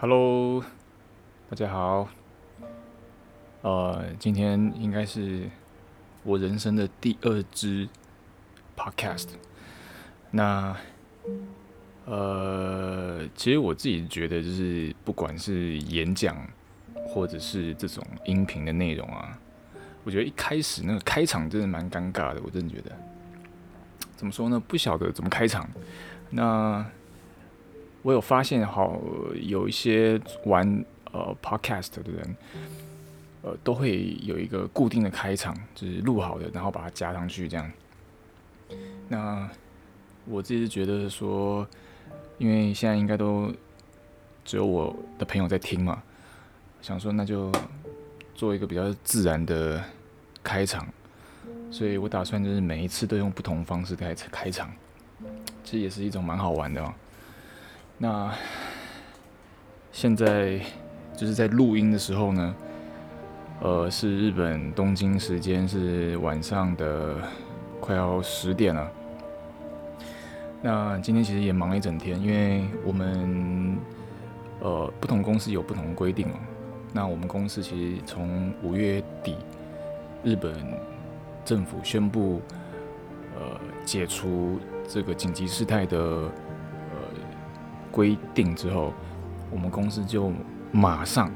Hello，大家好。呃，今天應該是我人生的第二支 podcast。那呃，其實我自己覺得，就是不管是演講或者是這種音頻的內容啊，我覺得一開始那個開場真的蠻尷尬的。我真的覺得，怎麼說呢？不曉得怎麼開場。那我有發現好，好有一些玩，呃 Podcast 的人，呃，都會有一個固定的開場，就是錄好的，然後把它加上去這樣。那我自己是覺得說，因為現在應該都只有我的朋友在聽嘛，想說那就做一個比較自然的開場，所以我打算就是每一次都用不同方式開開場，其實也是一種蠻好玩的哦。那現在就是在錄音的時候呢，呃，是日本東京時間是晚上的快要十點了。那今天其實也忙了一整天，因為我們呃不同公司有不同的規定哦。那我們公司其實從五月底，日本政府宣布呃解除這個緊急事態的，規定之後，我們公司就馬上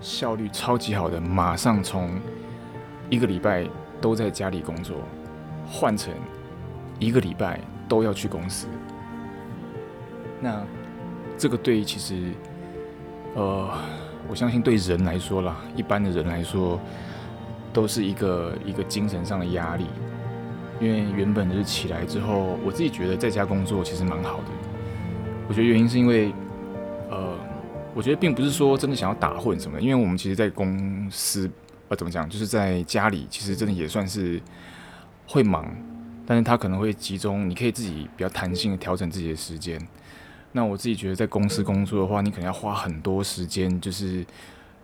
效率超級好的，馬上從一個禮拜都在家裡工作，換成一個禮拜都要去公司。那這個對於其實，呃，我相信對人來說啦，一般的人來說都是一個一個精神上的壓力，因為原本就是起來之後，我自己覺得在家工作其實蠻好的。我覺得原因是因為，呃，我覺得並不是說真的想要打混什麼的，因為我們其實，在公司，呃，怎麼講，就是在家裡其實真的也算是會忙，但是他可能會集中，你可以自己比較彈性的調整自己的時間。那我自己覺得，在公司工作的話，你可能要花很多時間，就是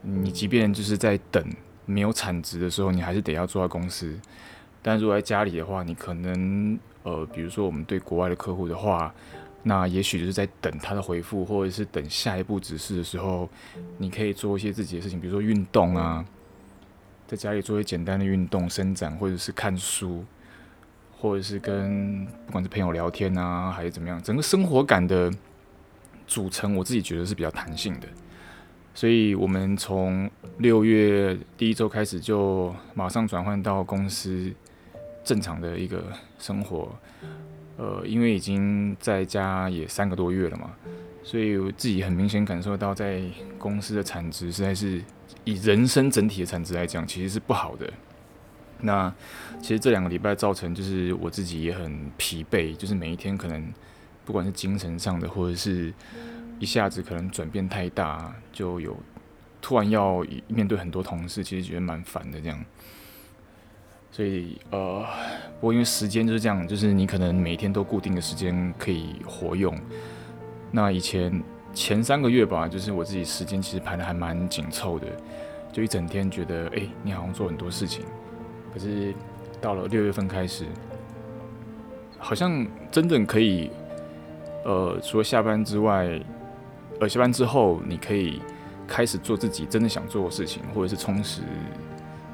你即便就是在等沒有產值的時候，你還是得要坐在公司。但如果在家裡的話，你可能呃，比如說我們對國外的客戶的話。那也許就是在等他的回復，或者是等下一步指示的時候，你可以做一些自己的事情，比如說運動啊，在家裡做一些簡單的運動、伸展，或者是看書，或者是跟不管是朋友聊天啊，還是怎麼樣，整個生活感的組成，我自己覺得是比較彈性的。所以我們從六月第一周開始，就馬上轉換到公司正常的一個生活。呃，因為已經在家也三個多月了嘛，所以我自己很明顯感受到，在公司的產值實在是以人生整體的產值來講，其實是不好的。那其實這兩個禮拜造成，就是我自己也很疲憊，就是每一天可能不管是精神上的，或者是一下子可能轉變太大，就有突然要面對很多同事，其實覺得蠻煩的這樣。所以呃，不過因為時間就是這樣，就是你可能每天都固定的時間可以活用。那以前前三個月吧，就是我自己時間其實排得還蠻緊湊的，就一整天覺得哎、欸，你好像做很多事情。可是到了六月份開始，好像真正可以，呃，除了下班之外，呃，下班之後你可以開始做自己真的想做的事情，或者是充實。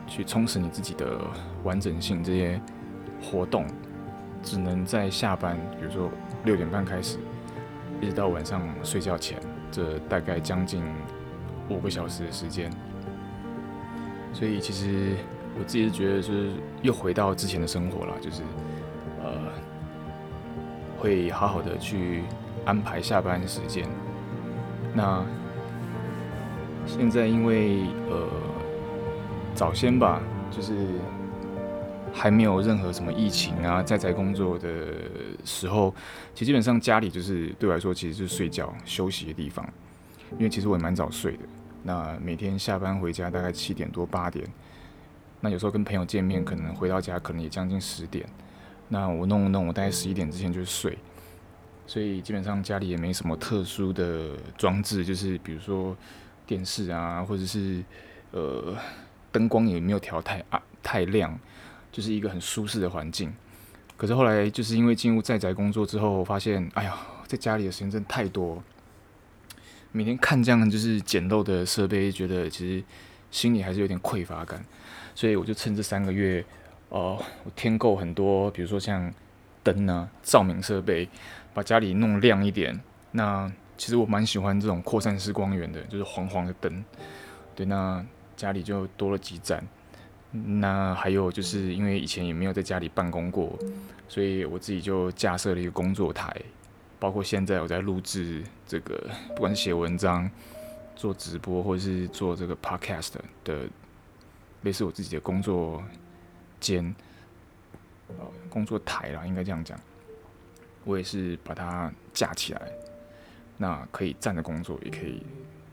去充實你自己的完整性，這些活動只能在下班，比如說六點半開始，一直到晚上睡覺前，這大概將近五個小時的時間。所以，其實我自己是覺得，就是又回到之前的生活了，就是呃，會好好的去安排下班時間。那現在因為呃。早先吧，就是還沒有任何什麼疫情啊，在宅工作的時候，其實基本上家裡就是對我來說其實就是睡覺休息的地方，因為其實我也蠻早睡的。那每天下班回家大概七點多八點，那有時候跟朋友見面，可能回到家可能也將近十點，那我弄弄，我大概十一點之前就睡。所以基本上家裡也沒什麼特殊的裝置，就是比如說電視啊，或者是呃。燈光也沒有調太暗、啊、太亮，就是一個很舒適的環境。可是後來就是因為進入在宅工作之後，我發現哎呀，在家裡的時間真的太多，每天看這樣就是簡陋的設備，覺得其實心裡還是有點匱乏感。所以我就趁這三個月，呃，我添購很多，比如說像燈啊、照明設備，把家裡弄亮一點。那其實我蠻喜歡這種擴散式光源的，就是黃黃的燈。對，那。家裡就多了幾盞。那還有就是因為以前也沒有在家裡辦公過，所以我自己就架設了一個工作台。包括現在我在錄制這個，不管是寫文章、做直播，或者是做這個 Podcast 的，類似我自己的工作間，呃，工作台啦，應該這樣講。我也是把它架起來，那可以站着工作，也可以。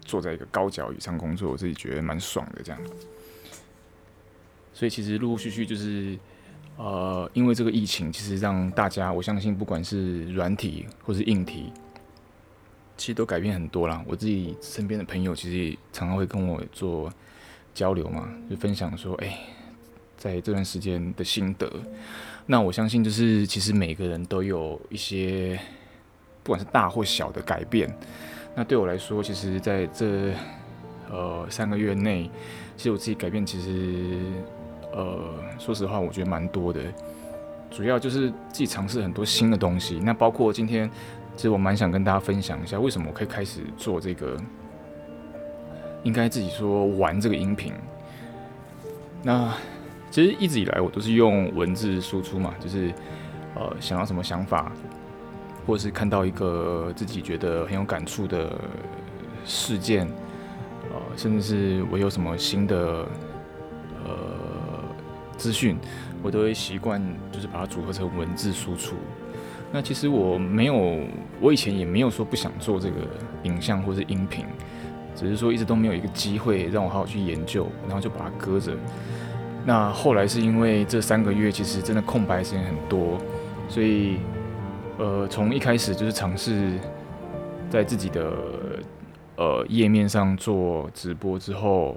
坐在一個高腳椅上工作，我自己覺得蠻爽的。這樣，所以其實陸陸續續就是，呃，因為這個疫情，其實讓大家我相信，不管是軟體或是硬體，其實都改變很多啦。我自己身邊的朋友其實也常常會跟我做交流嘛，就分享說，哎、欸，在這段時間的心得。那我相信，就是其實每個人都有一些，不管是大或小的改變。那對我來說，其實在這，呃，三個月內，其實我自己改變，其實，呃，說實話，我覺得蠻多的。主要就是自己嘗試很多新的東西。那包括今天，其實我蠻想跟大家分享一下，為什麼我可以開始做這個，應該自己說玩這個音頻。那其實一直以來，我都是用文字輸出嘛，就是，呃，想要什麼想法。或是看到一個自己覺得很有感觸的事件，呃，甚至是我有什麼新的呃資訊，我都會習慣就是把它組合成文字輸出。那其實我沒有，我以前也沒有說不想做這個影像或是音頻，只是說一直都沒有一個機會讓我好好去研究，然後就把它擱着。那後來是因為這三個月其實真的空白的時間很多，所以。呃，從一開始就是嘗試在自己的呃頁面上做直播之後，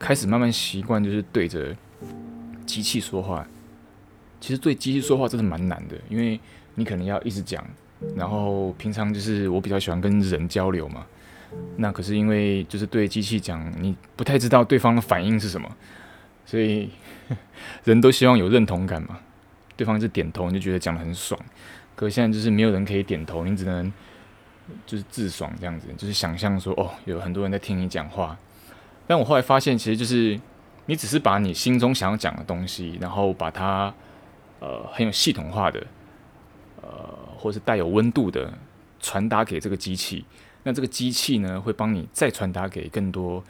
開始慢慢習慣就是對着機器說話。其實對機器說話真的蠻難的，因為你可能要一直講，然後平常就是我比較喜歡跟人交流嘛。那可是因為就是對機器講，你不太知道對方的反應是什麼，所以人都希望有認同感嘛。對方一直點頭，你就覺得講得很爽。所以現在就是沒有人可以點頭，你只能就是自爽這樣子，就是想象說哦，有很多人在聽你講話。但我後來發現，其實就是你只是把你心中想要講的東西，然後把它呃很有系統化的，呃，或是帶有溫度的傳達給這個機器。那這個機器呢，會幫你再傳達給更多，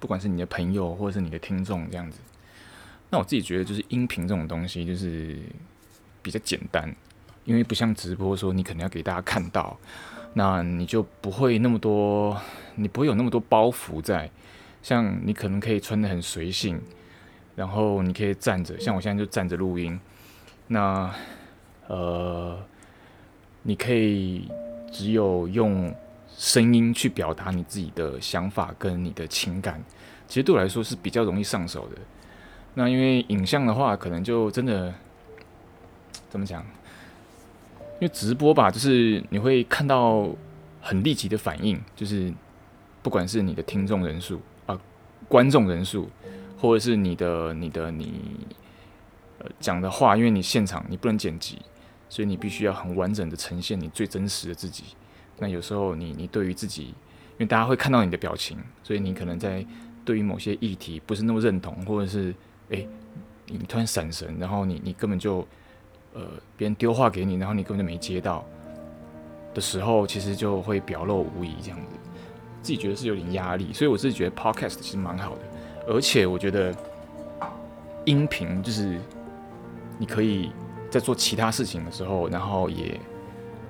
不管是你的朋友或者是你的聽眾這樣子。那我自己覺得，就是音頻這種東西，就是比較簡單。因為不像直播，說你可能要給大家看到，那你就不會那麼多，你不會有那麼多包袱在。像你可能可以穿得很隨性，然後你可以站着，像我現在就站着錄音。那呃，你可以只有用聲音去表達你自己的想法跟你的情感，其實對我來說是比較容易上手的。那因為影像的話，可能就真的怎麼講？因為直播吧，就是你會看到很立即的反應，就是不管是你的聽眾人數啊、呃、觀眾人數，或者是你的、你的、你、呃、講的話，因為你現場你不能剪輯，所以你必須要很完整的呈現你最真實的自己。那有時候你你對於自己，因為大家會看到你的表情，所以你可能在對於某些議題不是那麼認同，或者是誒、欸、你突然閃神，然後你你根本就。呃，別人丟話給你，然後你根本就沒接到的時候，其實就會表露無遺這樣子，自己覺得是有點壓力。所以我自己覺得 Podcast 其實蠻好的，而且我覺得音頻就是你可以在做其他事情的時候，然後也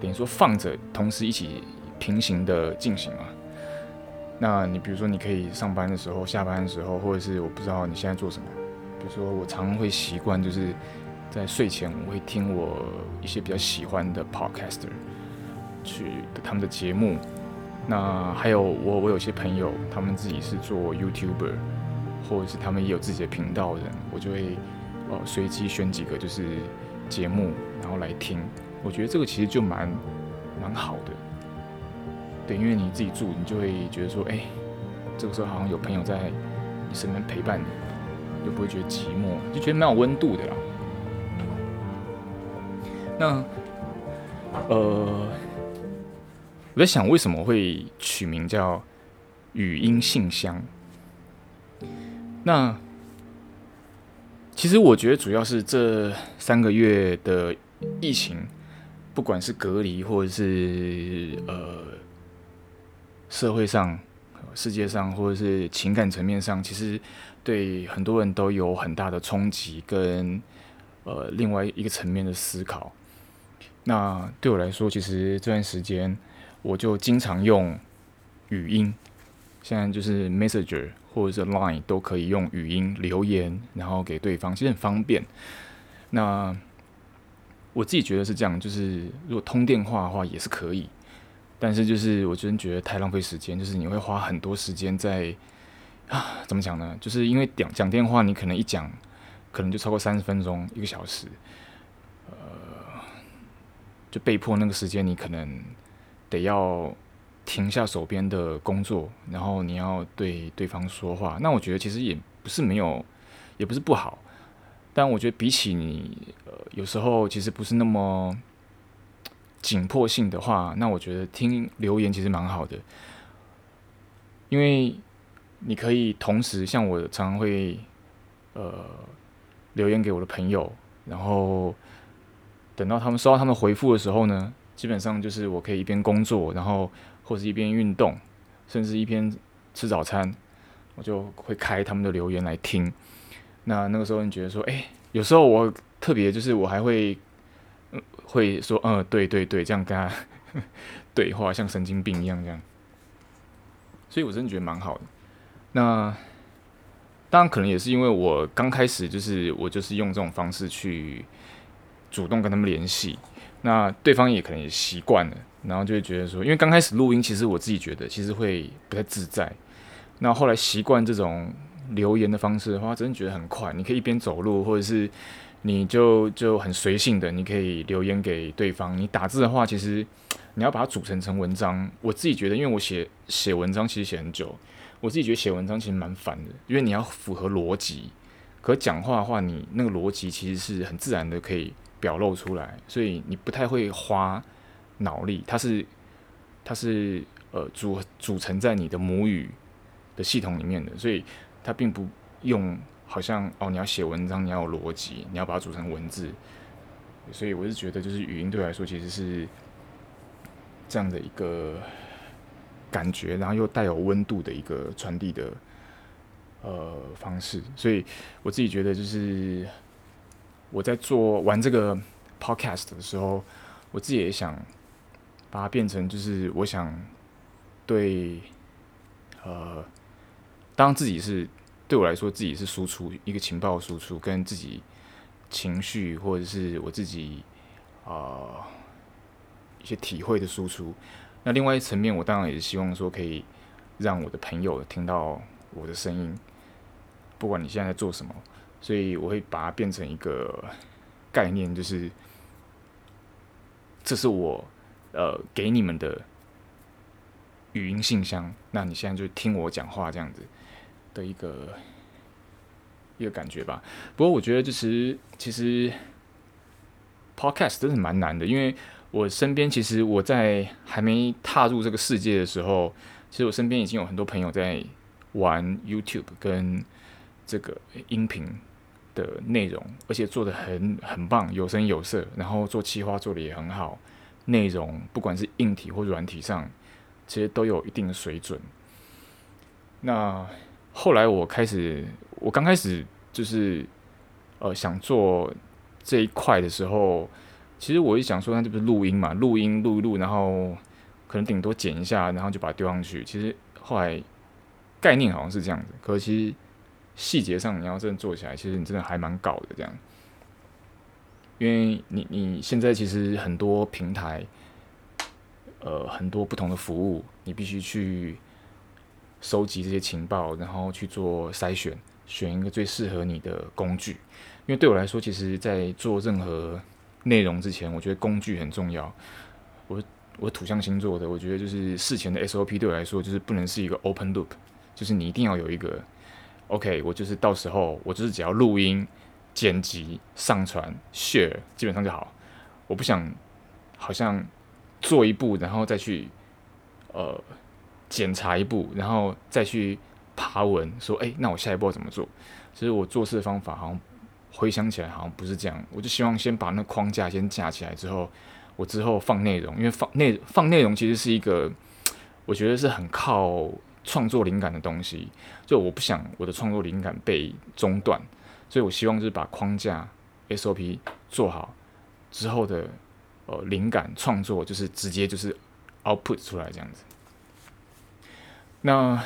等於說放着，同時一起平行的進行嘛。那你比如說，你可以上班的時候、下班的時候，或者是我不知道你現在做什麼。比如說，我常常會習慣就是。在睡前，我會聽我一些比較喜歡的 podcaster，去的他們的節目。那還有我，我有些朋友，他們自己是做 YouTuber，或者是他們也有自己的頻道的，我就會呃隨機選幾個就是節目，然後來聽。我覺得這個其實就蠻蠻好的，對，因為你自己住，你就會覺得說，哎，這個時候好像有朋友在你身邊陪伴你，就不會覺得寂寞，就覺得蠻有溫度的啦。那，呃，我在想，為什麼會取名叫“語音信箱”？那其實，我覺得主要是這三個月的疫情，不管是隔離，或者是呃，社會上、世界上，或者是情感層面上，其實對很多人都有很大的衝擊，跟呃另外一個層面的思考。那對我來說，其實這段時間我就經常用語音。現在就是 Messenger 或者是 Line 都可以用語音留言，然後給對方，其實很方便。那我自己覺得是這樣，就是如果通電話的話也是可以，但是就是我真覺得太浪費時間，就是你會花很多時間在，啊，怎麼講呢？就是因為講講電話，你可能一講可能就超過三十分鐘，一個小時。就被迫那個時間，你可能得要停下手邊的工作，然後你要對對方說話。那我覺得其實也不是沒有，也不是不好，但我覺得比起你呃，有時候其實不是那麼緊迫性的話，那我覺得聽留言其實蠻好的，因為你可以同時像我常常會呃留言給我的朋友，然後。等到他們收到，他們回復的時候呢，基本上就是我可以一邊工作，然後或是一邊運動，甚至一邊吃早餐，我就會開他們的留言來聽。那那個時候，你覺得說，哎、欸，有時候我特別就是我還會、呃，會說，嗯，對對對，這樣跟他對話，像神經病一樣這樣。所以我真的覺得蠻好的。那當然，可能也是因為我剛開始就是我就是用這種方式去。主動跟他們聯繫，那對方也可能也習慣了，然後就會覺得說，因為剛開始錄音，其實我自己覺得其實會不太自在。那後來習慣這種留言的方式的話，真的覺得很快，你可以一邊走路，或者是你就就很隨性的，你可以留言給對方。你打字的話，其實你要把它組成成文章，我自己覺得，因為我寫寫文章其實寫很久，我自己覺得寫文章其實蠻煩的，因為你要符合邏輯。可講話的話，你那個邏輯其實是很自然的，可以表露出來，所以你不太會花腦力，它是它是呃組組成在你的母語的系統裡面的，所以它並不用好像哦，你要寫文章，你要有邏輯，你要把它組成文字。所以我是覺得，就是語音對我來說其實是這樣的一個感覺，然後又帶有溫度的一個傳遞的呃方式，所以我自己覺得就是。我在做玩這個 podcast 的時候，我自己也想把它變成，就是我想對呃，當自己是對我來說，自己是輸出一個情報輸出，跟自己情緒或者是我自己啊、呃、一些體會的輸出。那另外一層面，我當然也希望說，可以讓我的朋友聽到我的聲音，不管你現在在做什麼。所以我會把它變成一個概念，就是這是我呃給你們的語音信箱。那你現在就聽我講話這樣子的一個一個感覺吧。不過我覺得，就是其實 Podcast 真的蠻難的，因為我身邊其實我在還沒踏入這個世界的時候，其實我身邊已經有很多朋友在玩 YouTube 跟這個音頻的內容，而且做的很很棒，有聲有色，然後做企劃做的也很好，內容不管是硬體或軟體上，其實都有一定的水準。那後來我開始，我剛開始就是，呃，想做這一塊的時候，其實我也想說，那這不是錄音嘛？錄音錄一錄，然後可能頂多剪一下，然後就把它丟上去。其實後來概念好像是這樣子，可惜。細節上，你要真的做起來，其實你真的還蠻搞的，這樣。因為你你現在其實很多平台，呃，很多不同的服務，你必須去收集這些情報，然後去做篩選，選一個最適合你的工具。因為對我來說，其實，在做任何內容之前，我覺得工具很重要。我我土象星座的，我覺得就是事前的 SOP 對我來說，就是不能是一個 open loop，就是你一定要有一個。OK，我就是到時候我就是只要錄音、剪輯、上傳、share，基本上就好。我不想好像做一步，然後再去呃檢查一步，然後再去爬文說，哎、欸，那我下一步要怎麼做？其實我做事的方法好像回想起來好像不是這樣。我就希望先把那個框架先架起來之後，我之後放內容，因為放內放內容其實是一個我覺得是很靠。創作靈感的東西，就我不想我的創作靈感被中斷，所以我希望就是把框架 SOP 做好之後的呃靈感創作，就是直接就是 output 出來這樣子。那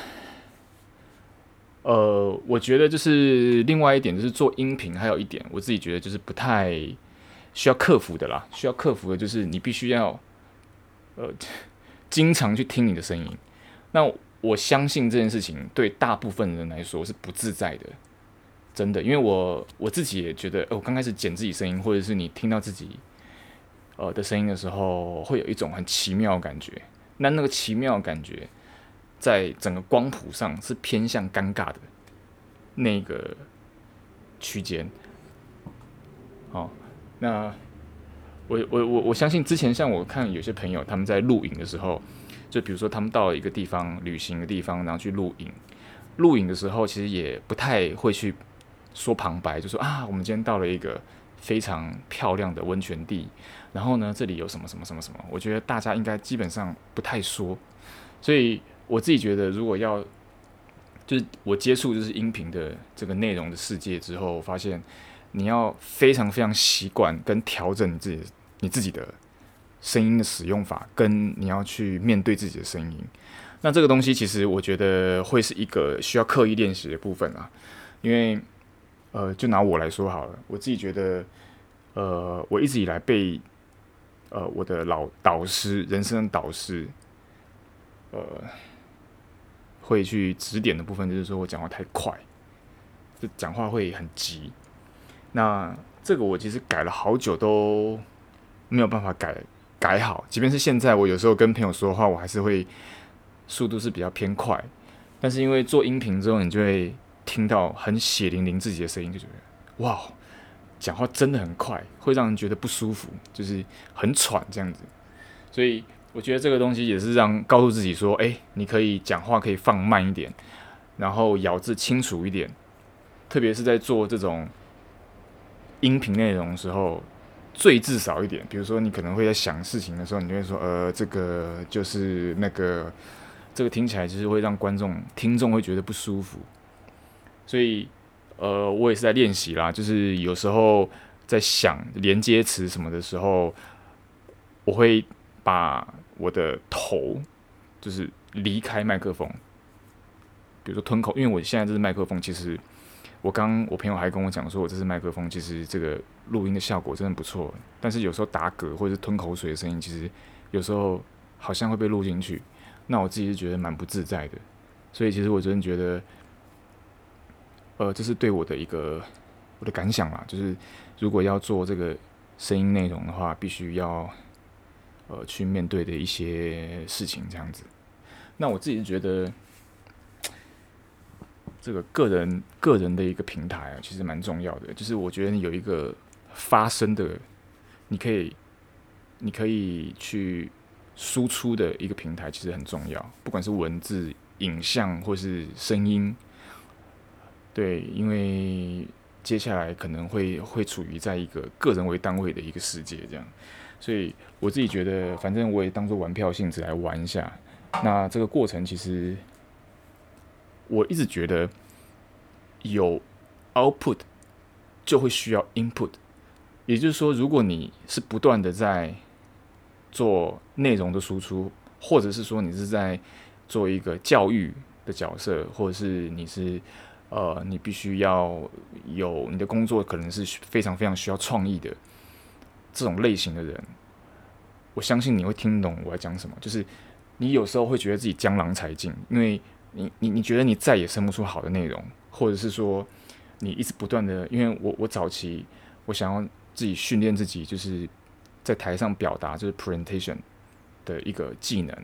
呃，我覺得就是另外一點就是做音頻，還有一點我自己覺得就是不太需要克服的啦，需要克服的就是你必須要呃經常去聽你的聲音。那。我相信這件事情對大部分人來說是不自在的，真的，因為我我自己也覺得，哦，我剛開始剪自己聲音，或者是你聽到自己，呃的聲音的時候，會有一種很奇妙的感覺。那那個奇妙的感覺，在整個光譜上是偏向尷尬的，那個區間。好，哦，那我我我我相信之前像我看有些朋友他們在錄影的時候。就比如說，他們到了一個地方旅行的地方，然後去錄影。錄影的時候，其實也不太會去說旁白，就說啊，我們今天到了一個非常漂亮的溫泉地。然後呢，這裡有什麼什麼什麼什麼？我覺得大家應該基本上不太說。所以我自己覺得，如果要就是我接觸就是音頻的這個內容的世界之後，發現你要非常非常習慣跟調整你自己你自己的。聲音的使用法跟你要去面對自己的聲音，那這個東西其實我覺得會是一個需要刻意練習的部分啊，因為，呃，就拿我來說好了，我自己覺得，呃，我一直以來被，呃，我的老導師、人生導師，呃，會去指點的部分，就是說我講話太快，就講話會很急。那這個我其實改了好久都沒有辦法改。改好，即便是現在，我有時候跟朋友說話，我還是會速度是比較偏快。但是因為做音頻之後，你就會聽到很血淋淋自己的聲音，就覺得哇，講話真的很快，會讓人覺得不舒服，就是很喘這樣子。所以我覺得這個東西也是讓告訴自己說，欸，你可以講話可以放慢一點，然後咬字清楚一點，特別是在做這種音頻內容的時候。最至少一點，比如說你可能會在想事情的時候，你就會說，呃，這個就是那個，這個聽起來就是會讓觀眾聽眾會覺得不舒服。所以，呃，我也是在練習啦，就是有時候在想連接詞什麼的時候，我會把我的頭就是離開麥克風，比如說吞口，因為我現在這個麥克風，其實。我剛，我朋友還跟我講說，我這支麥克風其實這個錄音的效果真的不錯，但是有時候打嗝或者是吞口水的聲音，其實有時候好像會被錄進去，那我自己是覺得蠻不自在的。所以其實我真的覺得，呃，這是對我的一個我的感想啦。就是如果要做這個聲音內容的話，必須要呃去面對的一些事情這樣子。那我自己是覺得。這個個人個人的一個平台啊，其實蠻重要的。就是我覺得有一個發聲的，你可以，你可以去輸出的一個平台，其實很重要。不管是文字、影像或是聲音，對，因為接下來可能會會處於在一個個人為單位的一個世界這樣。所以我自己覺得，反正我也當做玩票性質來玩一下。那這個過程其實。我一直覺得有 output 就會需要 input，也就是說，如果你是不斷的在做內容的輸出，或者是說你是在做一個教育的角色，或者是你是呃你必須要有你的工作可能是非常非常需要創意的這種類型的人，我相信你會聽懂我要講什麼。就是你有時候會覺得自己江郎才盡，因為你你你覺得你再也生不出好的內容，或者是說你一直不斷的，因為我我早期我想要自己訓練自己，就是在台上表達，就是 presentation 的一個技能，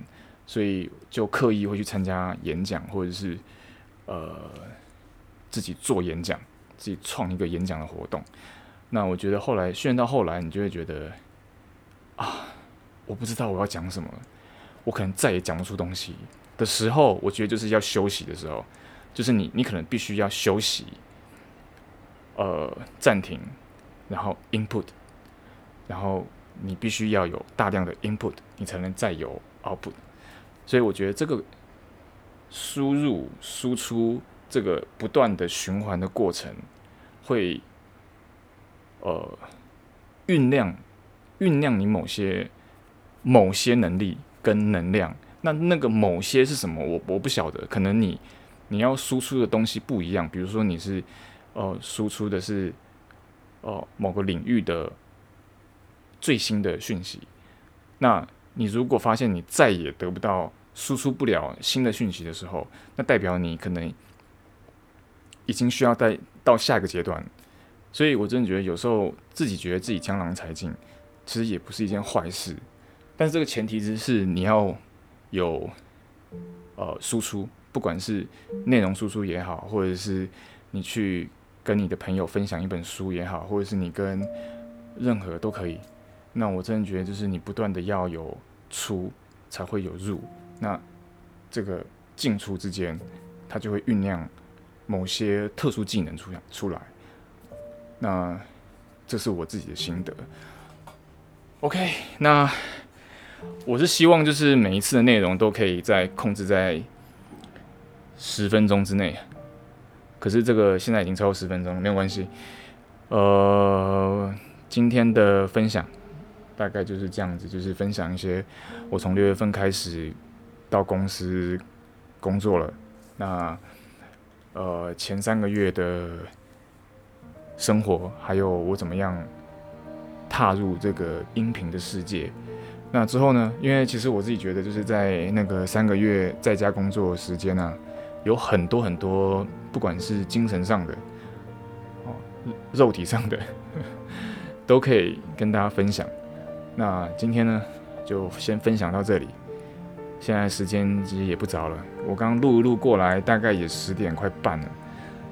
所以就刻意會去參加演講，或者是呃自己做演講，自己創一個演講的活動。那我覺得後來訓練到後來，你就會覺得啊，我不知道我要講什麼，我可能再也講不出東西。的時候，我覺得就是要休息的時候，就是你你可能必須要休息，呃，暫停，然後 input，然後你必須要有大量的 input，你才能再有 output。所以我覺得這個輸入輸出這個不斷的循環的過程會呃醞釀醞釀你某些某些能力跟能量。那那個某些是什麼？我我不曉得。可能你你要輸出的東西不一樣，比如說你是呃輸出的是呃某個領域的最新的訊息。那你如果發現你再也得不到、輸出不了新的訊息的時候，那代表你可能已經需要再到下一個階段。所以我真的覺得有時候自己覺得自己江郎才盡，其實也不是一件壞事。但是這個前提就是你要。有，呃，輸出，不管是內容輸出也好，或者是你去跟你的朋友分享一本書也好，或者是你跟任何都可以，那我真的覺得就是你不斷的要有出，才會有入，那這個進出之間，它就會醞釀某些特殊技能出出來，那這是我自己的心得。OK，那。我是希望就是每一次的內容都可以在控制在十分鐘之內，可是這個現在已經超過十分鐘了，沒有關係。呃，今天的分享大概就是這樣子，就是分享一些我從六月份開始到公司工作了，那呃前三個月的生活，還有我怎麼樣踏入這個音頻的世界。那之後呢，因為其實我自己覺得，就是在那個三個月在家工作時間呢、啊，有很多很多，不管是精神上的，哦，肉體上的，都可以跟大家分享。那今天呢，就先分享到這裡。現在時間其實也不早了，我剛剛錄一錄過來，大概也十點快半了，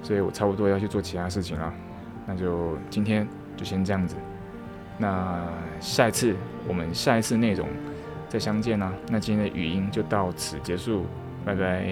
所以我差不多要去做其他事情了。那就今天就先這樣子。那下一次，我們下一次內容再相見啦、啊。那今天的語音就到此結束，拜拜。